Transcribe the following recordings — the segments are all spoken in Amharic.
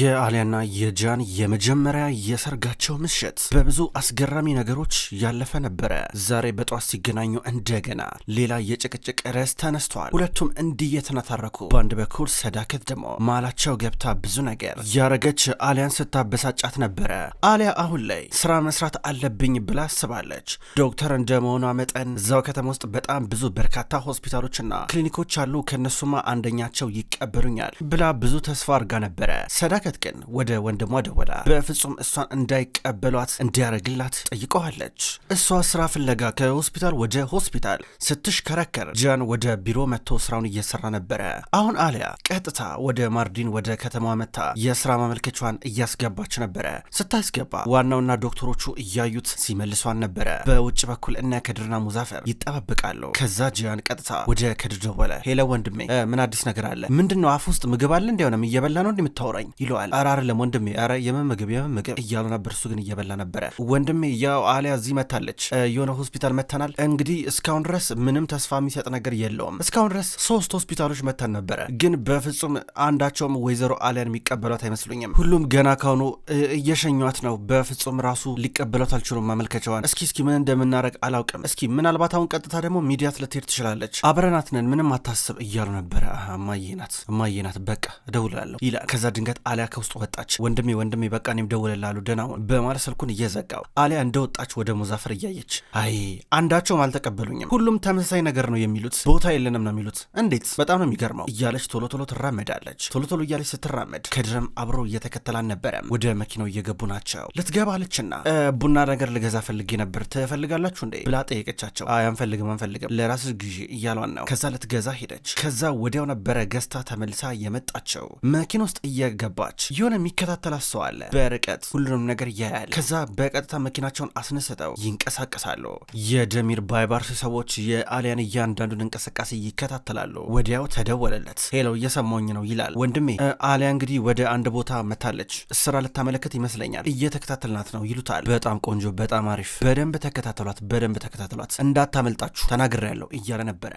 የአሊያና የጃን የመጀመሪያ የሰርጋቸው ምሽት በብዙ አስገራሚ ነገሮች ያለፈ ነበረ። ዛሬ በጠዋት ሲገናኙ እንደገና ሌላ የጭቅጭቅ ርዕስ ተነስቷል። ሁለቱም እንዲህ የተነታረኩ፣ በአንድ በኩል ሰዳከት ደግሞ መሀላቸው ገብታ ብዙ ነገር ያረገች አሊያን ስታበሳጫት ነበረ። አሊያ አሁን ላይ ስራ መስራት አለብኝ ብላ አስባለች። ዶክተር እንደመሆኗ መጠን እዛው ከተማ ውስጥ በጣም ብዙ በርካታ ሆስፒታሎችና ክሊኒኮች አሉ፣ ከእነሱማ አንደኛቸው ይቀበሉኛል ብላ ብዙ ተስፋ አድርጋ ነበረ። በዳከት ግን ወደ ወንድሟ ደወላ። በፍጹም እሷን እንዳይቀበሏት እንዲያደርግላት ጠይቀዋለች። እሷ ስራ ፍለጋ ከሆስፒታል ወደ ሆስፒታል ስትሽከረከር ጃን ወደ ቢሮ መጥቶ ስራውን እየሰራ ነበረ። አሁን አሊያ ቀጥታ ወደ ማርዲን ወደ ከተማዋ መታ የስራ ማመልከቻዋን እያስገባች ነበረ። ስታስገባ ዋናውና ዶክተሮቹ እያዩት ሲመልሷን ነበረ። በውጭ በኩል እነ ከድርና ሙዛፈር ይጠባበቃሉ። ከዛ ጃን ቀጥታ ወደ ከድር ደወለ። ሄለ ወንድሜ፣ ምን አዲስ ነገር አለ? ምንድን ነው አፍ ውስጥ ምግብ አለ? እንዲያውም እየበላ ነው እንደምታወራኝ ይለዋል። ኧረ አይደለም ወንድሜ፣ አረ የመመገብ የመመገብ እያሉ ነበር። እሱ ግን እየበላ ነበረ። ወንድሜ ያው አሊያ እዚህ መታለች፣ የሆነ ሆስፒታል መተናል። እንግዲህ እስካሁን ድረስ ምንም ተስፋ የሚሰጥ ነገር የለውም። እስካሁን ድረስ ሶስት ሆስፒታሎች መተን ነበረ፣ ግን በፍጹም አንዳቸውም ወይዘሮ አሊያን የሚቀበሏት አይመስሉኝም። ሁሉም ገና ካሁኑ እየሸኟት ነው። በፍጹም ራሱ ሊቀበሏት አልችሉም። ማመልከቻዋን እስኪ እስኪ ምን እንደምናደርግ አላውቅም። እስኪ ምናልባት አሁን ቀጥታ ደግሞ ሚዲያ ልትሄድ ትችላለች። አብረናት ነን፣ ምንም አታስብ እያሉ ነበረ። እማዬ ናት፣ እማዬ ናት፣ በቃ እደውላለሁ ይላል። ከዛ ድንገት አሊያ ከውስጥ ወጣች። ወንድሜ ወንድሜ በቃ እኔም ደውልልሃለሁ ደህና ሁን በማለት ስልኩን እየዘጋው አሊያ እንደወጣች ወደ ሙዛፈር እያየች አይ አንዳቸውም አልተቀበሉኝም፣ ሁሉም ተመሳሳይ ነገር ነው የሚሉት፣ ቦታ የለንም ነው የሚሉት፣ እንዴት በጣም ነው የሚገርመው እያለች ቶሎ ቶሎ ትራመዳለች። ቶሎ ቶሎ እያለች ስትራመድ ከድረም አብሮ እየተከተል አልነበረም። ወደ መኪናው እየገቡ ናቸው። ልትገባለችና ቡና ነገር ልገዛ ፈልጌ ነበር ትፈልጋላችሁ እንዴ ብላ ጠየቀቻቸው። አይ አንፈልግም አንፈልግም ለራስሽ ግዢ እያሏን ነው። ከዛ ልትገዛ ሄደች። ከዛ ወዲያው ነበረ ገዝታ ተመልሳ የመጣቸው መኪና ውስጥ እየገባ ገባች። የሆነ የሚከታተላት ሰው አለ። በርቀት ሁሉንም ነገር ያያል። ከዛ በቀጥታ መኪናቸውን አስነስተው ይንቀሳቀሳሉ። የደሚር ባይባርስ ሰዎች የአሊያን እያንዳንዱን እንቅስቃሴ ይከታተላሉ። ወዲያው ተደወለለት። ሄሎ እየሰማኝ ነው ይላል። ወንድሜ አሊያ እንግዲህ ወደ አንድ ቦታ መታለች፣ ስራ ልታመለከት ይመስለኛል፣ እየተከታተልናት ነው ይሉታል። በጣም ቆንጆ፣ በጣም አሪፍ። በደንብ ተከታተሏት፣ በደንብ ተከታተሏት፣ እንዳታመልጣችሁ ተናግሬያለሁ እያለ ነበረ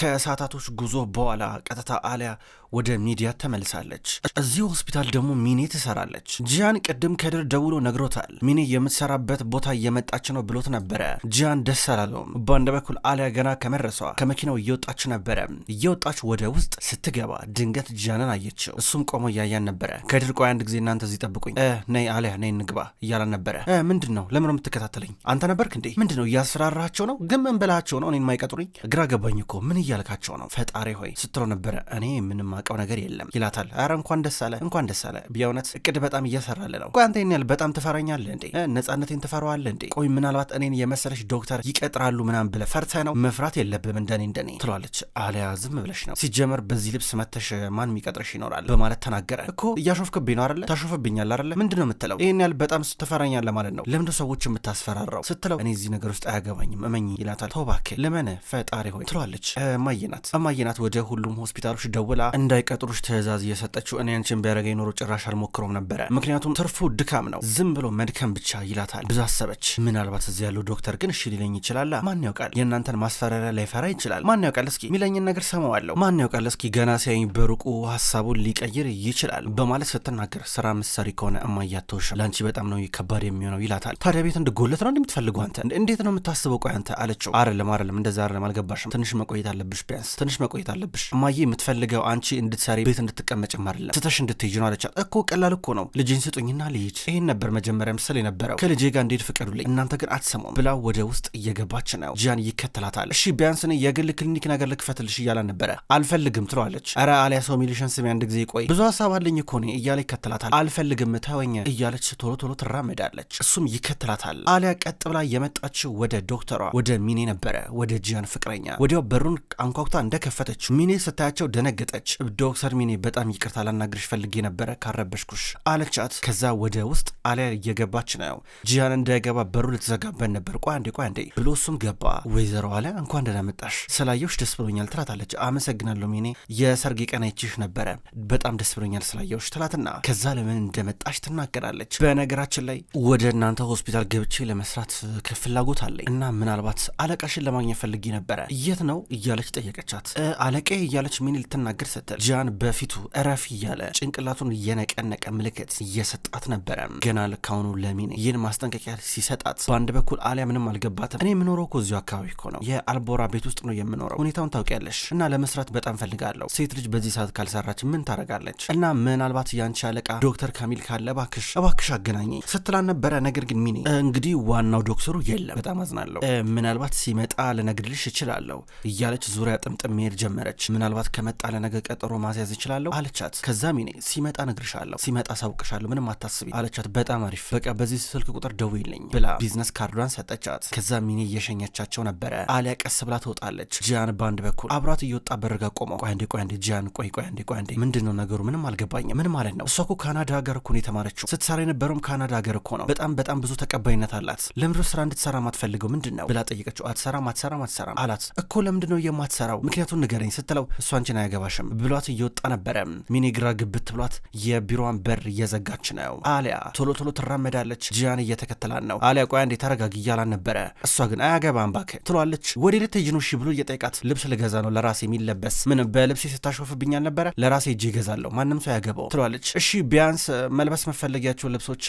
ከሰዓታቶች ጉዞ በኋላ ቀጥታ አሊያ ወደ ሚዲያ ተመልሳለች። እዚህ ሆስፒታል ደግሞ ሚኔ ትሰራለች። ጂያን ቅድም ከድር ደውሎ ነግሮታል። ሚኔ የምትሰራበት ቦታ እየመጣች ነው ብሎት ነበረ። ጂያን ደስ አላለውም። በአንድ በኩል አሊያ ገና ከመረሷ ከመኪናው እየወጣች ነበረ። እየወጣች ወደ ውስጥ ስትገባ ድንገት ጂያንን አየችው። እሱም ቆሞ እያያን ነበረ። ከድር ቆይ አንድ ጊዜ እናንተ እዚህ ጠብቁኝ፣ ነይ አሊያ ነይ እንግባ እያላን ነበረ። ምንድን ነው ለምን የምትከታተለኝ? አንተ ነበርክ እንዴ? ምንድን ነው እያስፈራራቸው ነው? ግን ምን ብላቸው ነው እኔን ማይቀጥሩኝ? ግራ ገባኝ እኮ ምን እያልካቸው ነው ፈጣሪ ሆይ ስትለው ነበረ። እኔ ምንም አውቀው ነገር የለም ይላታል። አረ እንኳን ደስ አለ እንኳን ደስ አለ። በእውነት እቅድ በጣም እየሰራል ነው። ቆይ አንተ ይህን ያህል በጣም ትፈራኛለህ እንዴ? ነጻነቴን ትፈራዋለህ እንዴ? ቆይ ምናልባት እኔን የመሰለች ዶክተር ይቀጥራሉ ምናምን ብለህ ፈርተህ ነው? መፍራት የለብም እንደኔ እንደኔ ትሏለች። አሊያ ዝም ብለሽ ነው ሲጀመር በዚህ ልብስ መተሽ ማን የሚቀጥርሽ ይኖራል በማለት ተናገረ። እኮ እያሾፍክብኝ ነው አለ ታሾፍብኛል አለ ምንድን ነው የምትለው? ይህን ያህል በጣም ትፈራኛለህ ማለት ነው። ለምንድ ሰዎች የምታስፈራራው ስትለው እኔ እዚህ ነገር ውስጥ አያገባኝም እመኝ ይላታል። ተው እባክህ ልመነ ፈጣሪ ሆይ ትሏለች። እማዬ ናት። እማዬ ወደ ሁሉም ሆስፒታሎች ደውላ እንዳይቀጥሩሽ ትእዛዝ እየሰጠችው፣ እኔ አንቺን ቢያደርገኝ ኖሮ ጭራሽ አልሞክሮም ነበረ፣ ምክንያቱም ትርፉ ድካም ነው፣ ዝም ብሎ መድከም ብቻ ይላታል። ብዙ አሰበች። ምናልባት እዚህ ያለው ዶክተር ግን እሺ ሊለኝ ይችላላ። ማን ያውቃል? የእናንተን ማስፈራሪያ ላይፈራ ይችላል። ማን ያውቃል? እስኪ የሚለኝን ነገር ሰማዋለሁ። ማን ያውቃል? እስኪ ገና ሲያኝ በሩቁ ሀሳቡን ሊቀይር ይችላል በማለት ስትናገር ስራ ምሰሪ ከሆነ እማያተውሽ ለአንቺ በጣም ነው ከባድ የሚሆነው ይላታል። ታዲያ ቤት እንድጎለት ነው እንደምትፈልገው አንተ እንዴት ነው የምታስበው? ቆይ አንተ አለችው። አይደለም አይደለም፣ እንደዛ አይደለም፣ አልገባሽም። ትንሽ መቆየት አለብን አለብሽ፣ ቢያንስ ትንሽ መቆየት አለብሽ። እማዬ የምትፈልገው አንቺ እንድትሰሪ ቤት እንድትቀመጭ አይደለም፣ ትተሽ እንድትሄጂ ነው አለቻት። እኮ ቀላል እኮ ነው፣ ልጄን ስጡኝና ልሂድ። ይህን ነበር መጀመሪያ ምስል የነበረው። ከልጄ ጋር እንዴት ፍቀዱልኝ፣ እናንተ ግን አትሰሙም ብላ ወደ ውስጥ እየገባች ነው። ጂያን ይከተላታል። እሺ ቢያንስ እኔ የግል ክሊኒክ ነገር ልክፈትልሽ እያላ ነበረ። አልፈልግም ትለዋለች። ኧረ አሊያ ሰው ሚሊሽን ስሜ አንድ ጊዜ ቆይ፣ ብዙ ሀሳብ አለኝ እኮ እኔ እያለ ይከተላታል። አልፈልግም ተወኝ እያለች ቶሎ ቶሎ ትራመዳለች። እሱም ይከተላታል። አሊያ ቀጥ ብላ የመጣችው ወደ ዶክተሯ ወደ ሚኔ ነበረ፣ ወደ ጂያን ፍቅረኛ። ወዲያው በሩን አንኳኩታ እንደከፈተች ሚኔ ስታያቸው ደነገጠች። ዶክተር ሚኔ በጣም ይቅርታ ላናግርሽ ፈልጌ ነበረ ካረበሽኩሽ አለቻት። ከዛ ወደ ውስጥ አሊያ እየገባች ነው። ጂያን እንዳይገባ በሩ ልትዘጋበን ነበር። ቆይ አንዴ ቆይ አንዴ ብሎ እሱም ገባ። ወይዘሮ አሊያ እንኳን ደህና መጣሽ ስላየሁሽ ደስ ብሎኛል ትላታለች። አመሰግናለሁ ሚኔ የሰርግ ቀን አይችሽ ነበረ በጣም ደስ ብሎኛል ስላየሁሽ ትላትና ከዛ ለምን እንደመጣሽ ትናገራለች። በነገራችን ላይ ወደ እናንተ ሆስፒታል ገብቼ ለመስራት ከፍላጎት አለኝ እና ምናልባት አለቃሽን ለማግኘት ፈልጌ ነበረ የት ነው እያለች እያለች ጠየቀቻት። አለቄ እያለች ምን ልትናገር ስትል ጃን በፊቱ እረፍ እያለ ጭንቅላቱን እየነቀነቀ ምልክት እየሰጣት ነበረ። ገና ልካሁኑ ለሚን ይህን ማስጠንቀቂያ ሲሰጣት በአንድ በኩል አሊያ ምንም አልገባትም። እኔ የምኖረው እኮ እዚሁ አካባቢ እኮ ነው፣ የአልቦራ ቤት ውስጥ ነው የምኖረው። ሁኔታውን ታውቂያለሽ እና ለመስራት በጣም ፈልጋለሁ። ሴት ልጅ በዚህ ሰዓት ካልሰራች ምን ታደርጋለች? እና ምናልባት ያንቺ አለቃ ዶክተር ካሚል ካለ እባክሽ እባክሽ አገናኘ ስትላን ነበረ። ነገር ግን ሚኒ እንግዲህ ዋናው ዶክተሩ የለም፣ በጣም አዝናለሁ፣ ምናልባት ሲመጣ ልነግድልሽ እችላለሁ እያለች ዙሪያ ጥምጥም መሄድ ጀመረች። ምናልባት ከመጣ ለነገ ቀጠሮ ማስያዝ ይችላለሁ አለቻት። ከዛ ሚኔ ሲመጣ እነግርሻለሁ፣ ሲመጣ ሳውቅሻለሁ፣ ምንም አታስቢ አለቻት። በጣም አሪፍ በቃ በዚህ ስልክ ቁጥር ደውይልኝ ብላ ቢዝነስ ካርዷን ሰጠቻት። ከዛ ሚኔ እየሸኘቻቸው ነበረ። አሊያ ቀስ ብላ ትወጣለች። ጂያን በአንድ በኩል አብሯት እየወጣ በርጋ ቆመው፣ ቆይ አንዴ፣ ቆይ አንዴ፣ ጂያን ቆይ ቆይ አንዴ፣ ቆይ አንዴ፣ ምንድን ነው ነገሩ? ምንም አልገባኝም። ምን ማለት ነው? እሷ እኮ ካናዳ ሀገር እኮ ነው የተማረችው። ስትሰራ የነበረውም ካናዳ ሀገር እኮ ነው። በጣም በጣም ብዙ ተቀባይነት አላት። ለምንድነው ስራ እንድትሰራ ማትፈልገው ምንድን ነው ብላ ጠየቀችው። አትሰራም አትሰራም አትሰራም አላት እኮ ለምንድን ነው የማትሰራው? ምክንያቱን ንገረኝ ስትለው እሷ አንቺን አያገባሽም ብሏት እየወጣ ነበረ። ሚኒ ግራ ግብት ብሏት የቢሮዋን በር እየዘጋች ነው። አሊያ ቶሎ ቶሎ ትራመዳለች። ጂያን እየተከተላን ነው። አሊያ ቆያ እንዴ ተረጋግ እያላን ነበረ። እሷ ግን አያገባም እባክህ ትሏለች። ወደ ልትጅኑ ሺ ብሎ እየጠየቃት ልብስ ልገዛ ነው ለራሴ የሚለበስ ምን በልብሴ ስታሾፍብኝ አልነበረ? ለራሴ እጅ ይገዛለሁ ማንም ሰው ያገባው ትሏለች። እሺ ቢያንስ መልበስ መፈለጊያቸው ልብሶች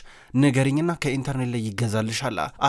ንገሪኝና ከኢንተርኔት ላይ ይገዛልሽ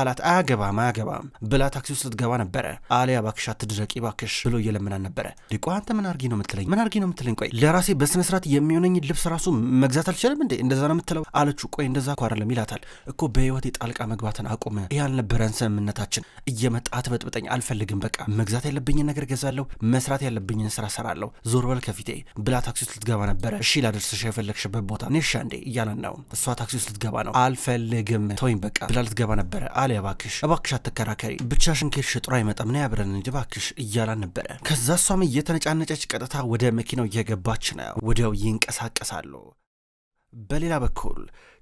አላት። አያገባም አያገባም ብላ ታክሲ ውስጥ ልትገባ ነበረ። አሊያ ባክሽ አትድረቂ ባክሽ ብሎ እየለመናን ነበረ። ዲቆ አንተ ምን አርጊ ነው ምትለኝ? ምን አርጊ ነው ምትለኝ? ቆይ ለራሴ በስነ ስርዓት የሚሆነኝ ልብስ ራሱ መግዛት አልችልም እንዴ? እንደዛ ነው የምትለው አለችው። ቆይ እንደዛ እኮ አይደለም ይላታል እኮ በህይወት የጣልቃ መግባትን አቁመ ይህ አልነበረን ስምምነታችን። እየመጣ ትበጥብጠኝ አልፈልግም። በቃ መግዛት ያለብኝን ነገር ገዛለሁ፣ መስራት ያለብኝን ስራ ሰራለሁ። ዞር በል ከፊቴ ብላ ታክሲ ውስጥ ልትገባ ነበረ። እሺ ላደርስሽ የፈለግሽበት ቦታ ኔሻ እንዴ እያለን ነው። እሷ ታክሲ ውስጥ ልትገባ ነው። አልፈልግም ተወኝ በቃ ብላ ልትገባ ነበረ። አለ እባክሽ፣ እባክሽ አትከራከሪ፣ ብቻሽን ከሄድሽ ጥሩ አይመጣም፣ ና አብረን እንጂ እባክሽ እያላን ነበረ ነበረ። ከዛ እሷም እየተነጫነጨች ቀጥታ ወደ መኪናው እየገባች ነው። ወዲያው ይንቀሳቀሳሉ። በሌላ በኩል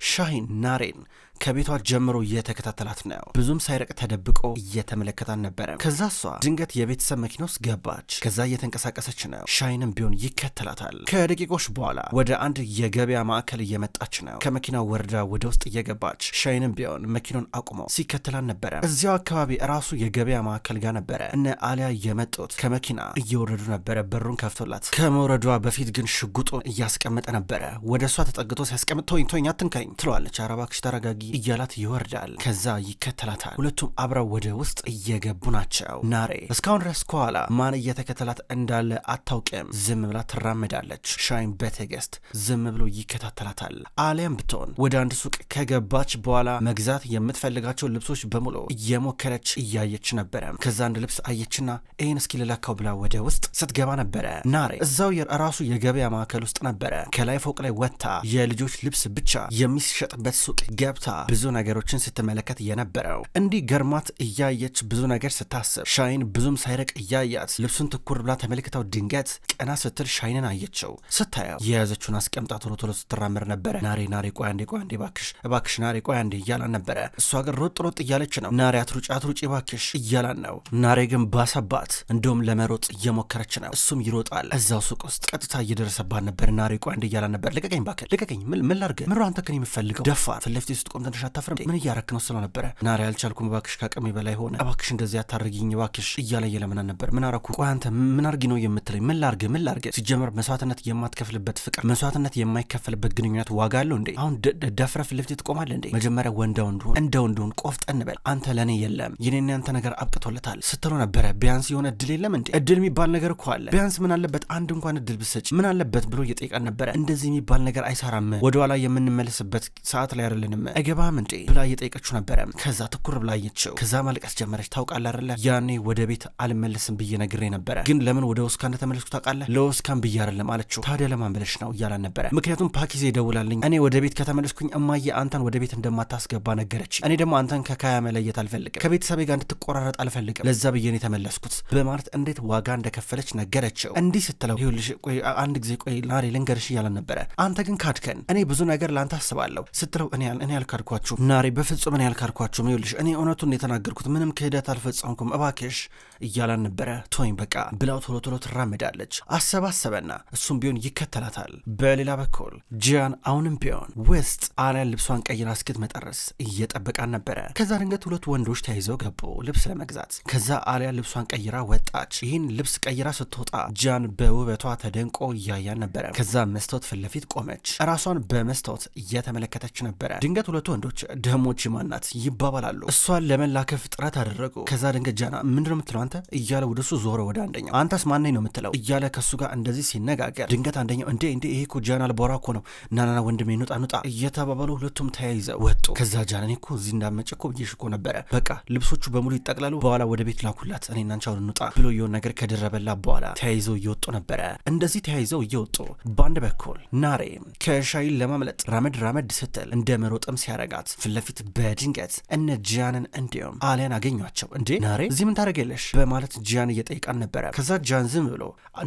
ሻሂን ናሬን ከቤቷ ጀምሮ እየተከታተላት ነው። ብዙም ሳይርቅ ተደብቆ እየተመለከታን ነበረ። ከዛ እሷ ድንገት የቤተሰብ መኪና ውስጥ ገባች። ከዛ እየተንቀሳቀሰች ነው። ሻይንም ቢሆን ይከተላታል። ከደቂቆች በኋላ ወደ አንድ የገበያ ማዕከል እየመጣች ነው። ከመኪና ወርዳ ወደ ውስጥ እየገባች ሻይንም ቢሆን መኪናውን አቁሞ ሲከተላን ነበረ። እዚያው አካባቢ ራሱ የገበያ ማዕከል ጋር ነበረ እነ አሊያ የመጡት። ከመኪና እየወረዱ ነበረ በሩን ከፍቶላት። ከመውረዷ በፊት ግን ሽጉጡን እያስቀመጠ ነበረ። ወደ እሷ ተጠግቶ ሲያስቀምጥ ቶኝ ቶኝ አትንካኝ ትለዋለች። አረባክሽ ተረጋጊ እያላት ይወርዳል። ከዛ ይከተላታል። ሁለቱም አብረው ወደ ውስጥ እየገቡ ናቸው። ናሬ እስካሁን ድረስ ከኋላ ማን እየተከተላት እንዳለ አታውቅም። ዝም ብላ ትራመዳለች። ሻይን በትዕግስት ዝም ብሎ ይከታተላታል። አሊያም ብትሆን ወደ አንድ ሱቅ ከገባች በኋላ መግዛት የምትፈልጋቸው ልብሶች በሙሉ እየሞከረች እያየች ነበረ። ከዛ አንድ ልብስ አየችና ይህን እስኪ ልለካው ብላ ወደ ውስጥ ስትገባ ነበረ። ናሬ እዛው የራሱ የገበያ ማዕከል ውስጥ ነበረ። ከላይ ፎቅ ላይ ወጥታ የልጆች ልብስ ብቻ የሚሸጥበት ሱቅ ገብታ ብዙ ነገሮችን ስትመለከት የነበረው እንዲህ ገርሟት እያየች ብዙ ነገር ስታስብ ሻይን ብዙም ሳይረቅ እያያት ልብሱን ትኩር ብላ ተመልክተው ድንገት ቀና ስትል ሻይንን አየችው። ስታየው የያዘችውን አስቀምጣ ቶሎ ቶሎ ስትራመር ነበረ። ናሬ ናሬ፣ ቆይ አንዴ፣ ቆይ አንዴ ባክሽ፣ እባክሽ ናሬ፣ ቆይ አንዴ እያላን ነበረ። እሷ ግን ሮጥ ሮጥ እያለች ነው። ናሬ አትሩጭ፣ አትሩጭ ባክሽ እያላን ነው። ናሬ ግን ባሰባት። እንዲሁም ለመሮጥ እየሞከረች ነው። እሱም ይሮጣል። እዛው ሱቅ ውስጥ ቀጥታ እየደረሰባት ነበር። ናሬ፣ ቆይ አንዴ እያላን ነበር። ልቀቀኝ ባክል፣ ልቀቀኝ። ምን ላድርግ? ምሮ አንተ የምፈልገው ደፋ ፊት ለፊት ስትቆም ትንሽ ታፍረ ምን እያረክ ነው ስለው ነበረ። ናሪ አልቻልኩም፣ እባክሽ ከአቅሜ በላይ ሆነ፣ እባክሽ እንደዚህ አታርጊኝ፣ እባክሽ እያለ እየለምናን ነበር። ምን አረኩ? ቆይ አንተ ምን አርጊ ነው የምትለኝ? ምን ላርግ? ምን ላርግ? ሲጀመር መስዋዕትነት የማትከፍልበት ፍቅር፣ መስዋዕትነት የማይከፈልበት ግንኙነት ዋጋ አለው እንዴ? አሁን ደፍረ ፊት ለፊት ትቆማለህ እንዴ? መጀመሪያ ወንዳ ወንድሁን እንደ ወንድሁን ቆፍጠን በል። አንተ ለእኔ የለም፣ የኔና ያንተ ነገር አብቅቶለታል ስትሎ ነበረ። ቢያንስ የሆነ እድል የለም እንዴ? እድል የሚባል ነገር እኮ አለ። ቢያንስ ምን አለበት አንድ እንኳን እድል ብሰጭ ምን አለበት ብሎ እየጠየቀን ነበረ። እንደዚህ የሚባል ነገር አይሰራም። ወደኋላ የምንመለስበት ሰዓት ላይ አይደለንም። አታገባም እንዴ ብላ እየጠየቀችው ነበረ። ከዛ ትኩር ብላ አየችው። ከዛ ማልቀስ ጀመረች። ታውቃለህ አይደለ ያኔ ወደ ቤት አልመለስም ብዬ ነግሬ ነበረ፣ ግን ለምን ወደ ኦስካ እንደተመለስኩ ታውቃለህ? ለኦስካን ብዬ አይደለም አለችው። ታዲያ ለማን ብለሽ ነው እያላን ነበረ። ምክንያቱም ፓኪዜ ደውላልኝ እኔ ወደ ቤት ከተመለስኩኝ እማዬ አንተን ወደ ቤት እንደማታስገባ ነገረች። እኔ ደግሞ አንተን ከካያ መለየት አልፈልግም፣ ከቤተሰቤ ጋር እንድትቆራረጥ አልፈልግም። ለዛ ብዬ ነው የተመለስኩት በማለት እንዴት ዋጋ እንደከፈለች ነገረችው። እንዲህ ስትለው ይኸውልሽ ቆይ አንድ ጊዜ ቆይ ናሬ ልንገርሽ እያላን ነበረ። አንተ ግን ካድከን፣ እኔ ብዙ ነገር ለአንተ አስባለሁ ስትለው እኔ ያልካድኩ አልካድኳችሁ ናሬ፣ በፍጹም እኔ አልካድኳችሁም። ይኸውልሽ እኔ እውነቱን የተናገርኩት ምንም ክህደት አልፈጸምኩም እባክሽ እያላን ነበረ። ቶኝ በቃ ብላው ቶሎ ቶሎ ትራመዳለች። አሰባሰበና እሱም ቢሆን ይከተላታል። በሌላ በኩል ጂያን አሁንም ቢሆን ውስጥ አሊያን ልብሷን ቀይራ እስክትመጣ ድረስ እየጠበቃን ነበረ። ከዛ ድንገት ሁለት ወንዶች ተያይዘው ገቡ ልብስ ለመግዛት። ከዛ አሊያ ልብሷን ቀይራ ወጣች። ይህን ልብስ ቀይራ ስትወጣ ጂያን በውበቷ ተደንቆ እያያን ነበረ። ከዛ መስታወት ፊት ለፊት ቆመች። ራሷን በመስታወት እየተመለከተች ነበረ። ድንገት ሁለቱ ሁለት ወንዶች ደሞች ማናት ይባባላሉ። እሷን ለመላከፍ ጥረት አደረጉ። ከዛ ድንገት ጃና ምንድነው የምትለው አንተ እያለ ወደ ወደሱ ዞረ ወደ አንደኛው። አንተስ ማነኝ ነው የምትለው እያለ ከሱ ጋር እንደዚህ ሲነጋገር ድንገት አንደኛው እንዴ እንዴ ይሄ እኮ ጃናል ቦራ እኮ ነው ናናና ወንድሜ ኑጣ ኑጣ እየተባባሉ ሁለቱም ተያይዘው ወጡ። ከዛ ጃና እኔ እኮ እዚህ እንዳመጭ እኮ ብዬሽ እኮ ነበረ። በቃ ልብሶቹ በሙሉ ይጠቅላሉ፣ በኋላ ወደ ቤት ላኩላት፣ እኔ እናንቻ አሁን እንውጣ ብሎ የሆን ነገር ከደረበላ በኋላ ተያይዘው እየወጡ ነበረ። እንደዚህ ተያይዘው እየወጡ በአንድ በኩል ናሬ ከሻይል ለማምለጥ ራመድ ራመድ ስትል እንደ መሮጥም ሲያ ያረጋት። ፊት ለፊት በድንገት እነ ጂያንን እንዲሁም አሊያን አገኟቸው። እንዴ ናሬ እዚህ ምን ታደርጊያለሽ? በማለት ጂያን እየጠይቃን ነበረ። ከዛ ጂያን ዝም ብሎ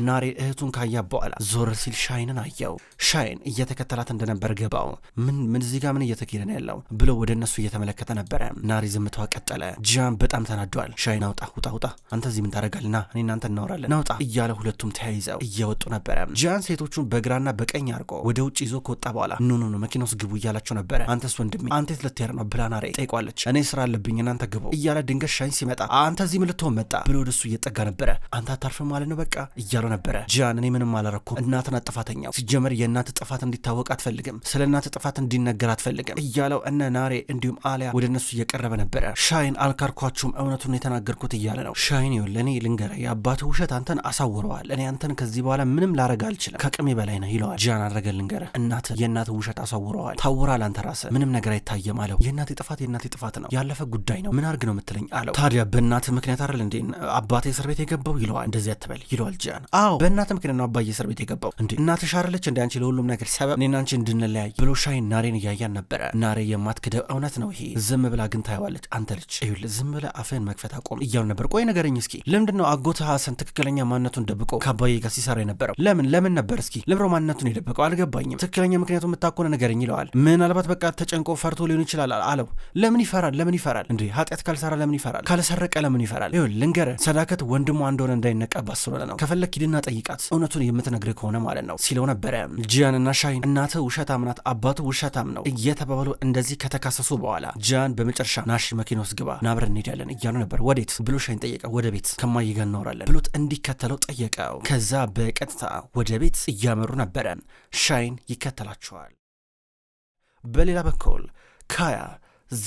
ናሬ እህቱን ካያ በኋላ ዞር ሲል ሻይንን አየው። ሻይን እየተከተላት እንደነበር ገባው። ምን ምን እዚህ ጋር ምን እየተካሄደ ነው ያለው ብሎ ወደ እነሱ እየተመለከተ ነበረ። ናሬ ዝምቷ ቀጠለ። ጂያን በጣም ተናዷል። ሻይን አውጣ፣ ውጣ፣ ውጣ አንተ እዚህ ምን ታደረጋል? ና እኔ እናንተ እናወራለን፣ ናውጣ እያለ ሁለቱም ተያይዘው እየወጡ ነበረ። ጂያን ሴቶቹን በግራና በቀኝ አርቆ ወደ ውጭ ይዞ ከወጣ በኋላ ኑኑኑ መኪና ውስጥ ግቡ እያላቸው ነበረ። አንተስ ወንድም ወንድሜ አንተ የት ልትሄድ ነው ብላ ናሬ ጠይቋለች። እኔ ስራ አለብኝ እናንተ ግቡ እያለ ድንገት ሻይን ሲመጣ አንተ እዚህ ምን ልትሆን መጣ ብሎ ወደሱ እየጠጋ ነበረ። አንተ አታርፍም ማለት ነው በቃ እያለው ነበረ። ጃን እኔ ምንም አላረኩም፣ እናትን ጥፋተኛው ሲጀመር የእናት ጥፋት እንዲታወቅ አትፈልግም፣ ስለ እናንተ ጥፋት እንዲነገር አትፈልግም እያለው እነ ናሬ እንዲሁም አሊያ ወደ እነሱ እየቀረበ ነበረ። ሻይን አልካርኳችሁም እውነቱን የተናገርኩት እያለ ነው። ሻይን ይኸውልህ እኔ ልንገረ የአባትህ ውሸት አንተን አሳውረዋል። እኔ አንተን ከዚህ በኋላ ምንም ላረግ አልችልም፣ ከቅሜ በላይ ነው ይለዋል። ጃን አድረገ ልንገረ እናት የእናት ውሸት አሳውረዋል፣ ታውራል። አንተ ምንም ነገር ነገር አይታየም አለው። የእናቴ ጥፋት የእናቴ ጥፋት ነው፣ ያለፈ ጉዳይ ነው፣ ምን አርግ ነው የምትለኝ አለው። ታዲያ በእናት ምክንያት አይደል እንዴ አባቴ እስር ቤት የገባው ይለዋል። እንደዚህ አትበል ይለዋል ጂያን። አዎ በእናት ምክንያት ነው አባዬ እስር ቤት የገባው። እንዴ እናትሽ አይደለች እንደ አንቺ ለሁሉም ነገር ሰበብ እኔና አንቺ እንድንለያይ ብሎ ሻይን ናሬን እያያን ነበረ። ናሬ የማትክደው እውነት ነው ይሄ። ዝም ብላ ግን ታየዋለች። አንተ ልጅ ይኸውልህ፣ ዝም ብላ አፍህን መክፈት አቆም እያሉ ነበር። ቆይ ነገረኝ እስኪ ለምንድን ነው አጎት ሀሰን ትክክለኛ ማንነቱን ደብቆ ከአባዬ ጋር ሲሰራ የነበረው? ለምን ለምን ነበር እስኪ ለምሮ ማንነቱን የደበቀው? አልገባኝም። ትክክለኛ ምክንያቱ የምታኮነ ነገረኝ ይለዋል። ምናልባት በቃ ተጨንቆ ፈርቶ ሊሆን ይችላል አለው። ለምን ይፈራል? ለምን ይፈራል? እንዲህ ኃጢአት ካልሰራ ለምን ይፈራል? ካልሰረቀ ለምን ይፈራል? ይኸውልህ ልንገረ ሰዳከት ወንድሟ እንደሆነ እንዳይነቀባት ስለሆነ ነው። ከፈለክ ሂድና ጠይቃት፣ እውነቱን የምትነግርህ ከሆነ ማለት ነው ሲለው ነበረ። ጂያንና ሻይን እናትህ ውሸታም ናት፣ አባቱ ውሸታም ነው እየተባባሉ እንደዚህ ከተካሰሱ በኋላ ጂያን በመጨረሻ ናሽ መኪና ውስጥ ግባ ናብረ እንሄዳለን እያሉ ነበር። ወዴት ብሎ ሻይን ጠየቀ። ወደ ቤት ከማዬ ጋር እናወራለን ብሎት እንዲከተለው ጠየቀው። ከዛ በቀጥታ ወደ ቤት እያመሩ ነበረ ሻይን ይከተላቸዋል። בלי לה בכל, קאיה,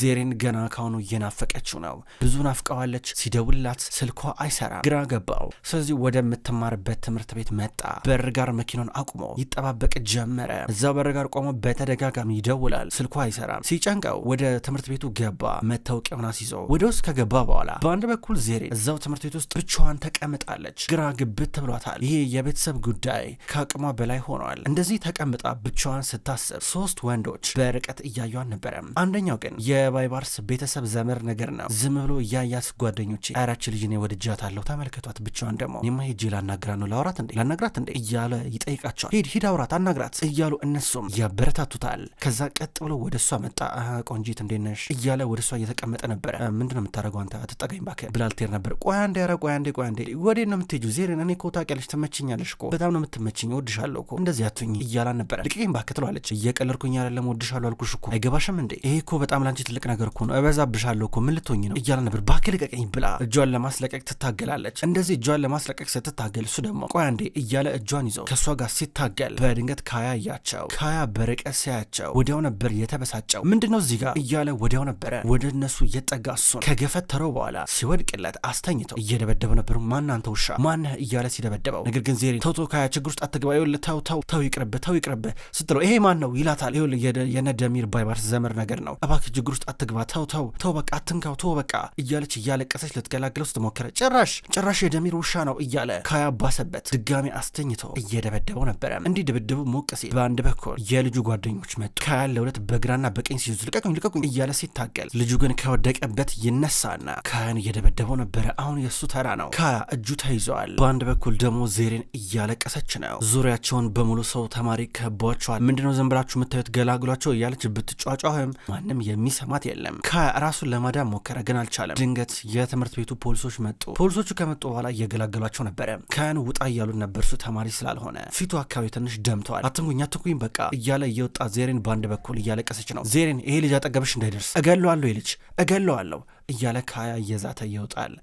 ዜሬን ገና ካሁኑ እየናፈቀችው ነው። ብዙ ናፍቀዋለች። ሲደውልላት ስልኳ አይሰራ፣ ግራ ገባው። ስለዚህ ወደምትማርበት ትምህርት ቤት መጣ። በር ጋር መኪናውን አቁሞ ይጠባበቅ ጀመረ። እዛው በር ጋር ቆሞ በተደጋጋሚ ይደውላል፣ ስልኳ አይሰራም። ሲጨንቀው ወደ ትምህርት ቤቱ ገባ፣ መታወቂያውን አስይዞ። ወደ ውስጥ ከገባ በኋላ በአንድ በኩል ዜሬ እዛው ትምህርት ቤት ውስጥ ብቻዋን ተቀምጣለች። ግራ ግብት ብሏታል። ይህ የቤተሰብ ጉዳይ ከአቅሟ በላይ ሆኗል። እንደዚህ ተቀምጣ ብቻዋን ስታስብ ሶስት ወንዶች በርቀት እያዩ አልነበረም። አንደኛው ግን የባይባርስ ቤተሰብ ዘመር ነገር ነው። ዝም ብሎ እያያት ጓደኞቼ አራች ልጅ እኔ ወድጃታለሁ፣ ተመልከቷት፣ ብቻዋን ደግሞ እኔማ ሄጄ ላናግራ ነው ላውራት እንዴ ላናግራት እንዴ እያለ ይጠይቃቸዋል። ሂድ ሂድ አውራት አናግራት እያሉ እነሱም ያበረታቱታል። ከዛ ቀጥ ብሎ ወደ እሷ መጣ። ቆንጂት እንዴት ነሽ እያለ ወደ እሷ እየተቀመጠ ነበረ። ምንድን ነው የምታደርገው አንተ አትጠጋኝ እባክህ ብላ ነበር። ቆያ እንዴ ኧረ ቆያ እንዴ ቆያ እንዴ ወዴት ነው የምትሄጂው? ዜሬን እኔ እኮ ታውቂያለሽ ትመችኛለሽ እኮ በጣም ነው የምትመችኝ፣ ወድሻለሁ እኮ እንደዚህ አትሁኝ እያላን ነበረ። ልቀቀኝ ባክ ትለዋለች። እየቀለድኩኝ አይደለም ወድሻለሁ አልኩሽ እኮ አይገባሽም እንዴ ይሄ እኮ በጣም ላንቺ ትልቅ ነገር እኮ ነው፣ እበዛብሻለሁ እኮ ምን ልትሆኝ ነው እያለ ነበር። እባክህ ልቀቀኝ ብላ እጇን ለማስለቀቅ ትታገላለች። እንደዚህ እጇን ለማስለቀቅ ስትታገል እሱ ደግሞ ቆይ አንዴ እያለ እጇን ይዘው ከእሷ ጋር ሲታገል በድንገት ካያ እያቸው ካያ በርቀት ሲያያቸው ወዲያው ነበር የተበሳጨው። ምንድን ነው እዚህ ጋር እያለ ወዲያው ነበረ ወደ እነሱ እየጠጋ እሱን ከገፈተረው በኋላ ሲወድቅለት አስተኝተው እየደበደበው ነበር። ማን አንተ ውሻ ማነህ እያለ ሲደበደበው፣ ነገር ግን ዜሬ ተውቶ ካያ ችግር ውስጥ አትግባ፣ ይወል ተው ተው ተው ይቅርብህ ተው ይቅርብህ ስትለው ይሄ ማን ነው ይላታል። ይወል የነደሚር ባይባርስ ዘመር ነገር ነው እባክህ ችግር ውስጥ አትግባ፣ ተው ተው ተው፣ በቃ አትንካው፣ ተው በቃ እያለች እያለቀሰች ልትገላግለው ስትሞክረ ጭራሽ ጭራሽ የደሚር ውሻ ነው እያለ ካያባሰበት ድጋሚ አስተኝቶ እየደበደበው ነበረ። እንዲህ ድብድቡ ሞቅ ሲል በአንድ በኩል የልጁ ጓደኞች መጡ። ካያ ለሁለት በግራና በቀኝ ሲይዙ ልቀቁኝ ልቀቁኝ እያለ ሲታገል፣ ልጁ ግን ከወደቀበት ይነሳና ካያን እየደበደበው ነበረ። አሁን የእሱ ተራ ነው። ካያ እጁ ተይዘዋል። በአንድ በኩል ደግሞ ዜሬን እያለቀሰች ነው። ዙሪያቸውን በሙሉ ሰው ተማሪ ከቧቸዋል። ምንድነው ዘንብላችሁ የምታዩት ገላግሏቸው እያለች ብትጫጫህም ማንም የሚሰ ያልሰማት የለም። ከራሱን ለማዳን ሞከረ፣ ግን አልቻለም። ድንገት የትምህርት ቤቱ ፖሊሶች መጡ። ፖሊሶቹ ከመጡ በኋላ እየገላገሏቸው ነበረ። ከን ውጣ እያሉን ነበር፣ እሱ ተማሪ ስላልሆነ ፊቱ አካባቢ ትንሽ ደምተዋል። አትንኩኝ አትንኩኝ በቃ እያለ እየወጣ ዜሬን በአንድ በኩል እያለቀሰች ነው። ዜሬን ይሄ ልጅ አጠገብሽ እንዳይደርስ እገለዋለሁ፣ ይህ ልጅ እገለዋለሁ እያለ ካያ እየዛተ ይወጣል።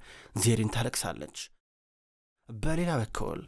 ዜሬን ታለቅሳለች። በሌላ በኩል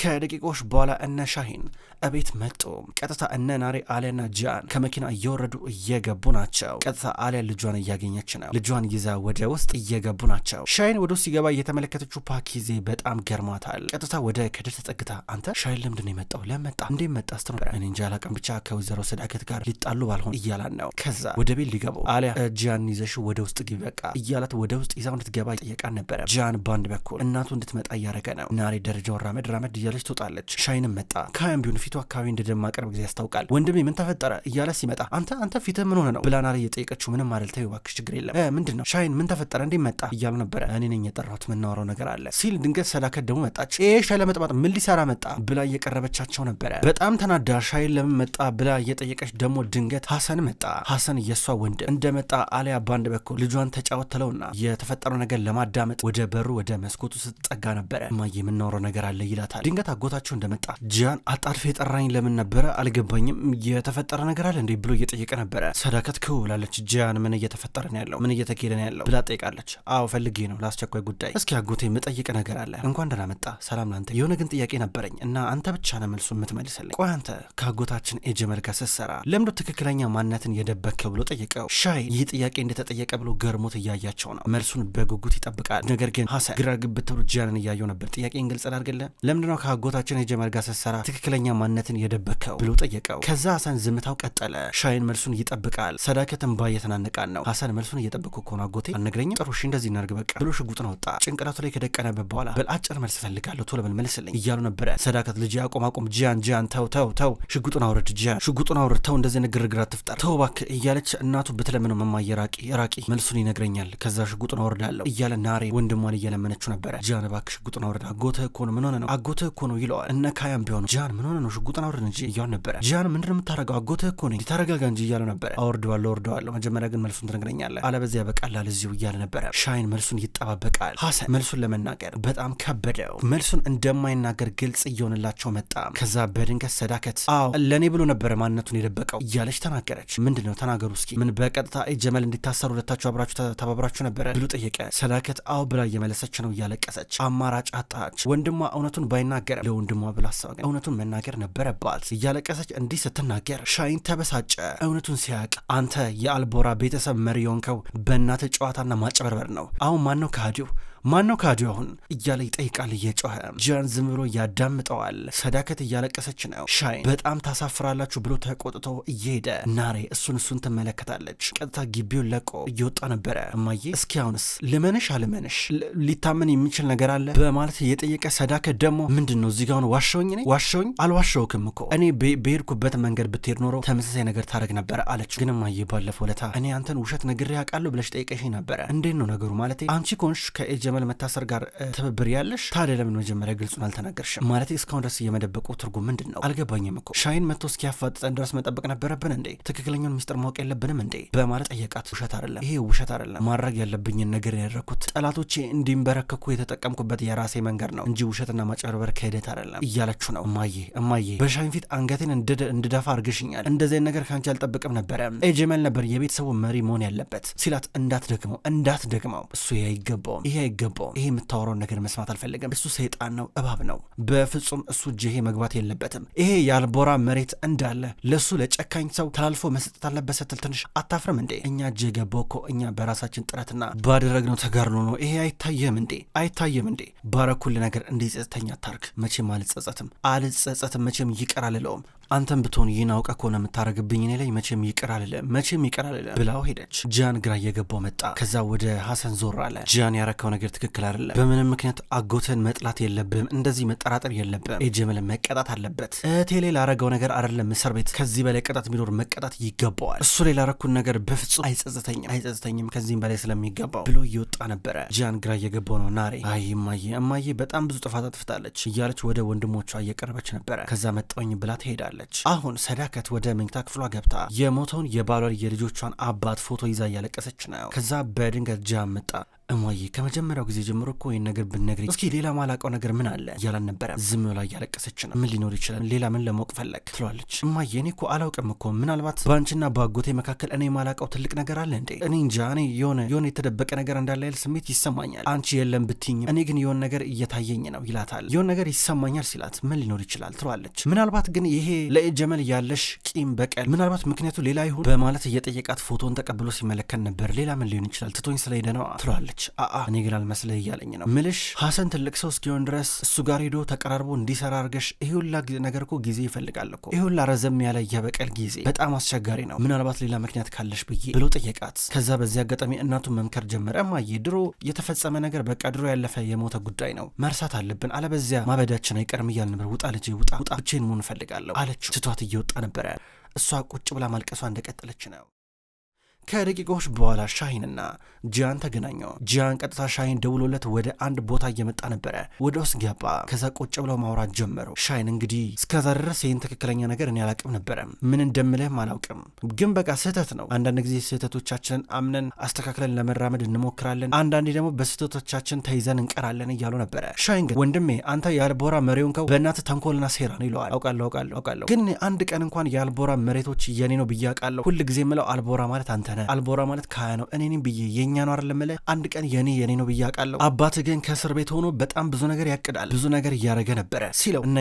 ከደቂቆች በኋላ እነ ሻሂን እቤት መጡ። ቀጥታ እነ ናሬ አሊያና ጃን ከመኪና እየወረዱ እየገቡ ናቸው። ቀጥታ አሊያ ልጇን እያገኘች ነው። ልጇን ይዛ ወደ ውስጥ እየገቡ ናቸው። ሻሂን ወደ ውስጥ ሲገባ እየተመለከተችው ፓኪዜ በጣም ገርሟታል። ቀጥታ ወደ ከድር ተጠግታ አንተ ሻሂን ለምንድን ነው የመጣው? ለመጣ እንዴ መጣ ስትሮ እኔ እንጃ አላውቅም፣ ብቻ ከወይዘሮ ሰዳከት ጋር ሊጣሉ ባልሆን እያላን ነው። ከዛ ወደ ቤት ሊገቡ አሊያ ጃን ይዘሽ ወደ ውስጥ ግቢ በቃ እያላት ወደ ውስጥ ይዛው እንድትገባ ጠየቃን ነበረ። ጃን ባንድ በኩል እናቱ እንድትመጣ እያደረገ ነው። ናሬ ደረጃውን ራመድ ራመድ እያለች ትወጣለች። ሻይንም መጣ። ካያም ቢሆን ፊቱ አካባቢ እንደደማ ቅርብ ጊዜ ያስታውቃል። ወንድሜ ምን ተፈጠረ እያለ ሲመጣ አንተ አንተ ፊትህ ምን ሆነ ነው ብላ ናሬ እየጠየቀችው ምንም አይደል ተይው እባክሽ ችግር የለም ምንድን ነው ሻይን ምን ተፈጠረ እንዴ መጣ እያሉ ነበረ። እኔ ነኝ የጠራሁት የምናወራው ነገር አለ ሲል ድንገት ሰዳከት ደግሞ መጣች። ይ ሻይ ለመጥማጥ ምን ሊሰራ መጣ ብላ እየቀረበቻቸው ነበረ። በጣም ተናዳ ሻይን ለምን መጣ ብላ እየጠየቀች ደግሞ ድንገት ሀሰን መጣ። ሀሰን እየሷ ወንድም እንደመጣ አሊያ ባንድ በኩል ልጇን ተጫወተለውና የተፈጠረው ነገር ለማዳመጥ ወደ በሩ ወደ መስኮቱ ስትጠጋ ነበረ። እማዬ የምናወራው ነገር አለ ይላታል። ድንገት አጎታቸው እንደመጣ ጂያን አጣድፌ የጠራኝ ለምን ነበረ አልገባኝም፣ የተፈጠረ ነገር አለ እንዴ ብሎ እየጠየቀ ነበረ። ሰዳከት ክው ብላለች። ጂያን ምን እየተፈጠረ ነው ያለው? ምን እየተኬደ ነው ያለው ብላ ጠይቃለች። አዎ ፈልጌ ነው ለአስቸኳይ ጉዳይ። እስኪ አጎቴ የምጠይቅ ነገር አለ። እንኳን ደህና መጣ። ሰላም ላንተ። የሆነ ግን ጥያቄ ነበረኝ እና አንተ ብቻ ነው መልሱ የምትመልስልኝ። ቆይ አንተ ከአጎታችን ኤጅ መልካ ስትሰራ ለምዶ ትክክለኛ ማንነትን የደበከው ብሎ ጠየቀው። ሻይ ይህ ጥያቄ እንደተጠየቀ ብሎ ገርሞት እያያቸው ነው። መልሱን በጉጉት ይጠብቃል። ነገር ግን ሀሰን ግራ ግብት ብሎ ጂያንን እያየው ነበር። ጥያቄ እንግልጽ አድርገለ ለምንድነው ከአጎታችን የጀመር ጋር ስትሰራ ትክክለኛ ማንነትን የደበከው ብሎ ጠየቀው። ከዛ ሀሰን ዝምታው ቀጠለ። ሻይን መልሱን ይጠብቃል። ሰዳከት እንባ እየተናነቃን ነው። ሀሰን መልሱን እየጠበቅኩ ከሆኑ አጎቴ፣ አነግረኝም? ጥሩ እሺ፣ እንደዚህ እናርግ በቃ ብሎ ሽጉጥን ወጣ። ጭንቅላቱ ላይ ከደቀነበት በኋላ በአጭር መልስ እፈልጋለሁ ቶሎ በል መልስልኝ እያሉ ነበረ። ሰዳከት ልጅ አቁም አቁም፣ ጂያን ጂያን፣ ተው ተው ተው፣ ሽጉጡን አውርድ ጂያን፣ ሽጉጡን አውርድ ተው፣ እንደዚህ ንግርግር አትፍጠር ተው ባክ እያለች እናቱ ብትለምነው መማየ ራቂ ራቂ መልሱን ይነግረኛል፣ ከዛ ሽጉጡን አውርዳለሁ እያለ ናሬ ወንድሟን እየለመነችው ነበረ። ጂያን ባክ ሽጉጡን አውርድ፣ አጎትህ እኮ ነው ምን ሆነ ነው አጎትህ አጎትህ እኮ ነው ይለዋል። እነ ካያም ቢሆኑ ጂያን ምን ሆነ ነው ሽጉጥን አውርድ እንጂ እያሉ ነበረ። ጂያን ምንድን የምታረገው አጎትህ እኮ ነው ተረጋጋ እንጂ እያለ ነበረ። አወርደዋለሁ አወርደዋለሁ፣ መጀመሪያ ግን መልሱን ትነግረኛለህ፣ አለበዚያ በቀላል እዚሁ እያለ ነበረ። ሻይን መልሱን ይጠባበቃል። ሀሰን መልሱን ለመናገር በጣም ከበደው። መልሱን እንደማይናገር ግልጽ እየሆንላቸው መጣ። ከዛ በድንገት ሰዳከት አዎ ለእኔ ብሎ ነበረ ማንነቱን የደበቀው እያለች ተናገረች። ምንድን ነው ተናገሩ እስኪ ምን በቀጥታ ጀመል እንዲታሰሩ ሁለታችሁ አብራችሁ ተባብራችሁ ነበረ ብሎ ጠየቀ። ሰዳከት አዎ ብላ እየመለሰች ነው እያለቀሰች። አማራጭ አጣች። ወንድሟ እውነቱን ባይና አልተናገረም ለወንድሟ ብላ እውነቱን መናገር ነበረባት። እያለቀሰች እንዲህ ስትናገር ሻይን ተበሳጨ። እውነቱን ሲያቅ አንተ የአልቦራ ቤተሰብ መሪ የሆንከው ጨዋታና ማጭበርበር ነው። አሁን ማን ነው ከሃዲው? ማነው ካዲ አሁን እያለ ይጠይቃል እየጮኸ። ጂያን ዝም ብሎ ያዳምጠዋል። ሰዳከት እያለቀሰች ነው። ሻይን በጣም ታሳፍራላችሁ ብሎ ተቆጥቶ እየሄደ ናሬ እሱን እሱን ትመለከታለች። ቀጥታ ግቢውን ለቆ እየወጣ ነበረ። እማዬ እስኪ አሁንስ ልመንሽ አልመንሽ ሊታመን የሚችል ነገር አለ በማለት እየጠየቀ ሰዳከት ደግሞ ምንድን ነው እዚጋውን ዋሸውኝ ነ ዋሸውኝ አልዋሸውክም እኮ እኔ በሄድኩበት መንገድ ብትሄድ ኖሮ ተመሳሳይ ነገር ታደረግ ነበረ አለች ግን እማዬ ባለፈው ለታ እኔ አንተን ውሸት ነግሬ ያውቃለሁ ብለሽ ጠይቀሽኝ ነበረ። እንዴት ነው ነገሩ ማለት አንቺ ኮንሽ ከኤጀ ጀመል መታሰር ጋር ትብብር ያለሽ ታዲያ ለምን መጀመሪያ ግልጹን አልተናገርሽም? ማለት እስካሁን ድረስ እየመደበቁ ትርጉም ምንድን ነው? አልገባኝም እኮ ሻይን መጥቶ እስኪያፋጥጠን ድረስ መጠበቅ ነበረብን እንዴ? ትክክለኛውን ሚስጥር ማወቅ የለብንም እንዴ? በማለት ጠየቃት። ውሸት አይደለም ይሄ ውሸት አይደለም። ማድረግ ያለብኝን ነገር ያደረግኩት ጠላቶቼ እንዲንበረከኩ የተጠቀምኩበት የራሴ መንገድ ነው እንጂ ውሸትና ማጭበርበር ከሂደት አይደለም እያለችሁ ነው። እማዬ እማዬ፣ በሻይን ፊት አንገቴን እንድደፋ አርግሽኛል። እንደዚህ ነገር ከአንቺ አልጠብቅም ነበረ። ጀመል ነበር የቤተሰቡ መሪ መሆን ያለበት ሲላት፣ እንዳት ደግመው እሱ ይገባውም ይሄ አይገባውም። ይሄ የምታወራውን ነገር መስማት አልፈለገም። እሱ ሰይጣን ነው፣ እባብ ነው። በፍጹም እሱ ጅሄ መግባት የለበትም። ይሄ ያልቦራ መሬት እንዳለ ለእሱ ለጨካኝ ሰው ተላልፎ መሰጠት አለበት ስትል ትንሽ አታፍርም እንዴ? እኛ እጅ የገባው እኮ እኛ በራሳችን ጥረትና ባደረግነው ተጋድሎ ነው። ይሄ አይታየም እንዴ? አይታየም እንዴ? ባረኩል ነገር እንዴ ጸጸተኛ ታርክ መቼም አልጸጸትም፣ አልጸጸትም መቼም ይቀር አልለውም አንተም ብትሆን ይህን አውቀ ከሆነ የምታደረግብኝ እኔ ላይ መቼም ይቅር አልልም፣ መቼም ይቅር አልልም ብላው ሄደች። ጃን ግራ እየገባው መጣ። ከዛ ወደ ሀሰን ዞር አለ። ጃን ያረከው ነገር ትክክል አይደለም። በምንም ምክንያት አጎተን መጥላት የለብም፣ እንደዚህ መጠራጠር የለብም። ኤጀመልን መቀጣት አለበት። እህቴ ላይ ላረገው ነገር አይደለም እስር ቤት ከዚህ በላይ ቅጣት ቢኖር መቀጣት ይገባዋል። እሱ ላይ ላረኩን ነገር በፍጹም አይጸጽተኝም፣ አይጸጽተኝም ከዚህም በላይ ስለሚገባው ብሎ እየወጣ ነበረ። ጃን ግራ እየገባው ነው። ናሬ አይ እማዬ እማዬ በጣም ብዙ ጥፋት አጥፍታለች እያለች ወደ ወንድሞቿ እየቀረበች ነበረ። ከዛ መጣውኝ ብላ ትሄዳል ትገኛለች። አሁን ሰዳከት ወደ መኝታ ክፍሏ ገብታ የሞተውን የባሏን የልጆቿን አባት ፎቶ ይዛ እያለቀሰች ነው። ከዛ በድንገት ጃ መጣ። እማዬ ከመጀመሪያው ጊዜ ጀምሮ እኮ ይህን ነገር ብነግሪ እስኪ ሌላ ማላውቀው ነገር ምን አለ እያላን ነበረ። ዝም ብላ እያለቀሰች ነው። ምን ሊኖር ይችላል? ሌላ ምን ለማወቅ ፈለግ ትሏለች። እማዬ እኔ እኮ አላውቅም እኮ ምናልባት በአንቺና በአጎቴ መካከል እኔ የማላውቀው ትልቅ ነገር አለ እንዴ? እኔ እንጃ። እኔ የሆነ የሆነ የተደበቀ ነገር እንዳለ ያህል ስሜት ይሰማኛል። አንቺ የለም ብትኝ፣ እኔ ግን የሆነ ነገር እየታየኝ ነው ይላታል። የሆን ነገር ይሰማኛል ሲላት ምን ሊኖር ይችላል ትሏለች። ምናልባት ግን ይሄ ለጀመል ያለሽ ቂም በቀል ምናልባት ምክንያቱ ሌላ ይሁን በማለት እየጠየቃት ፎቶን ተቀብሎ ሲመለከት ነበር። ሌላ ምን ሊሆን ይችላል? ትቶኝ ስለሄደ ነው ትሏለች። እያለች አአ እኔ ግን አልመስልህ እያለኝ ነው ምልሽ። ሀሰን ትልቅ ሰው እስኪሆን ድረስ እሱ ጋር ሄዶ ተቀራርቦ እንዲሰራ አድርገሽ ይሁላ ነገር እኮ ጊዜ ይፈልጋል እኮ ይሁላ ረዘም ያለ የበቀል ጊዜ በጣም አስቸጋሪ ነው። ምናልባት ሌላ ምክንያት ካለሽ ብዬ ብሎ ጠየቃት። ከዛ በዚህ አጋጣሚ እናቱን መምከር ጀመረ። እማዬ ድሮ የተፈጸመ ነገር በቃ ድሮ ያለፈ የሞተ ጉዳይ ነው መርሳት አለብን፣ አለበዚያ ማበዳችን አይቀርም እያል ነበር። ውጣ ልጄ ውጣ፣ ውጣ ብቼን መሆን እፈልጋለሁ አለችው። ስቷት እየወጣ ነበረ። እሷ ቁጭ ብላ ማልቀሷ እንደቀጠለች ነው። ከደቂቃዎች በኋላ ሻሂንና ጂያን ተገናኘ ጂያን ቀጥታ ሻሂን ደውሎለት ወደ አንድ ቦታ እየመጣ ነበረ። ወደ ውስጥ ገባ። ከዛ ቁጭ ብለው ማውራት ጀመሩ። ሻሂን እንግዲህ እስከዛ ድረስ ይህን ትክክለኛ ነገር እኔ አላቅም ነበረ፣ ምን እንደምልህም አላውቅም፣ ግን በቃ ስህተት ነው። አንዳንድ ጊዜ ስህተቶቻችንን አምነን አስተካክለን ለመራመድ እንሞክራለን፣ አንዳንዴ ደግሞ በስህተቶቻችን ተይዘን እንቀራለን እያሉ ነበረ። ሻሂን ግን ወንድሜ አንተ የአልቦራ መሬውን ከው በእናት ተንኮልና ሴራ ነው ይለዋል። አውቃለሁ አውቃለሁ አውቃለሁ፣ ግን አንድ ቀን እንኳን የአልቦራ መሬቶች የኔ ነው ብዬ አውቃለሁ። ጊዜ ምለው አልቦራ ማለት አንተ አንተነ አልቦራ ማለት ከሀያ ነው እኔ ብዬ የእኛ ነው አይደለም እለ አንድ ቀን የኔ የኔ ነው ብዬ አውቃለሁ። አባት ግን ከእስር ቤት ሆኖ በጣም ብዙ ነገር ያቅዳል፣ ብዙ ነገር እያደረገ ነበረ ሲለው እና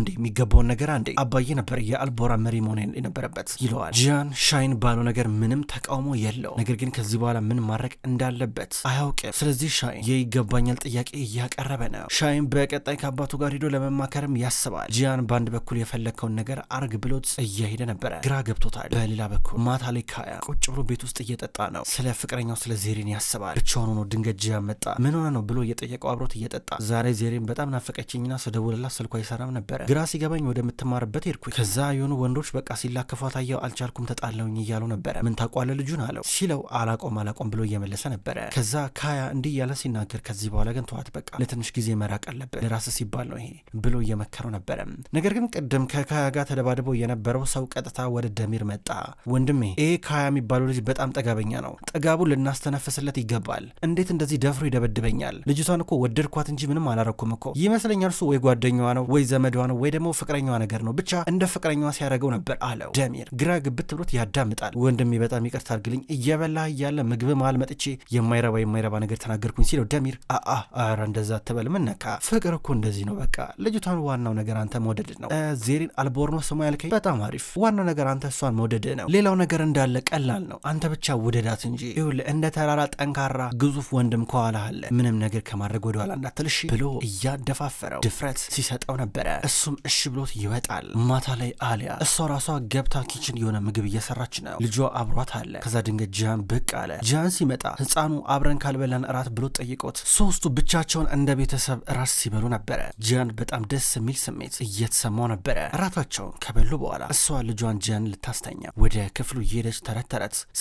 እንዴ የሚገባውን ነገር አንዴ አባዬ ነበር የአልቦራ መሪ መሆን የነበረበት ይለዋል። ጂያን ሻይን ባለው ነገር ምንም ተቃውሞ የለው፣ ነገር ግን ከዚህ በኋላ ምን ማድረግ እንዳለበት አያውቅም። ስለዚህ ሻይን የይገባኛል ጥያቄ እያቀረበ ነው። ሻይን በቀጣይ ከአባቱ ጋር ሄዶ ለመማከርም ያስባል። ጂያን በአንድ በኩል የፈለግከውን ነገር አርግ ብሎት እያሄደ ነበረ፣ ግራ ገብቶታል። በሌላ በኩል ማታ ላይ ካያ ቁጭ ብሎ ቤት ውስጥ እየጠጣ ነው። ስለ ፍቅረኛው ስለ ዜሬን ያስባል። ብቻውን ሆኖ ድንገት ጂያን መጣ። ምን ነው ብሎ እየጠየቀው አብሮት እየጠጣ ዛሬ ዜሬን በጣም ናፈቀችኝና ስደውልላት ስልኳ አይሰራም ነበረ። ግራ ሲገባኝ ወደምትማርበት ሄድኩኝ። ከዛ የሆኑ ወንዶች በቃ ሲላከፏ ታየው። አልቻልኩም ተጣለውኝ እያሉ ነበረ። ምን ታቋለ ልጁን አለው ሲለው አላቆም አላቆም ብሎ እየመለሰ ነበረ። ከዛ ካያ እንዲህ እያለ ሲናገር ከዚህ በኋላ ግን ተዋት በቃ ለትንሽ ጊዜ መራቅ አለበት ለራስ ሲባል ነው ይሄ ብሎ እየመከረው ነበረ። ነገር ግን ቅድም ከካያ ጋር ተደባድቦ የነበረው ሰው ቀጥታ ወደ ደሚር መጣ። ወንድሜ ይሄ ካያ የሚባለው ልጅ በጣም ጠጋበኛ ነው። ጥጋቡን ልናስተነፍስለት ይገባል። እንዴት እንደዚህ ደፍሮ ይደበድበኛል? ልጅቷን እኮ ወደድኳት እንጂ ምንም አላረኩም እኮ ይመስለኛል። እርሱ ወይ ጓደኛዋ ነው ወይ ዘመዷ ነው ወይ ደግሞ ፍቅረኛዋ ነገር ነው። ብቻ እንደ ፍቅረኛዋ ሲያደርገው ነበር አለው። ደሚር ግራ ግብት ብሎት ያዳምጣል። ወንድሜ በጣም ይቅርታ አድርግልኝ፣ እየበላህ እያለ ምግብ መሃል መጥቼ የማይረባ የማይረባ ነገር ተናገርኩኝ ሲለው ደሚር አአ አረ እንደዛ ትበል ምን ነካ? ፍቅር እኮ እንደዚህ ነው። በቃ ልጅቷን ዋናው ነገር አንተ መውደድ ነው። ዜሪን አልቦርኖ ስሙ ያልከኝ በጣም አሪፍ። ዋናው ነገር አንተ እሷን መውደድ ነው። ሌላው ነገር እንዳለ ቀላል ነው። አንተ ብቻ ውደዳት እንጂ ይኸውልህ እንደ ተራራ ጠንካራ ግዙፍ ወንድም ከኋላ አለ፣ ምንም ነገር ከማድረግ ወደኋላ ኋላ እሺ ብሎ እያደፋፈረው ድፍረት ሲሰጠው ነበረ። እሱም እሺ ብሎት ይወጣል። ማታ ላይ አሊያ እሷ ራሷ ገብታ ኪችን የሆነ ምግብ እየሰራች ነው። ልጇ አብሯት አለ። ከዛ ድንገት ጃን ብቅ አለ። ጃን ሲመጣ ህፃኑ አብረን ካልበላን እራት ብሎ ጠይቆት ሶስቱ ብቻቸውን እንደ ቤተሰብ እራት ሲበሉ ነበረ። ጃን በጣም ደስ የሚል ስሜት እየተሰማው ነበረ። እራታቸውን ከበሉ በኋላ እሷ ልጇን ጃን ልታስተኛ ወደ ክፍሉ እየሄደች ተረት ተረት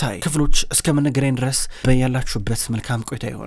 ተከታይ ክፍሎች እስከምንገናኝ ድረስ በያላችሁበት መልካም ቆይታ ይሆን።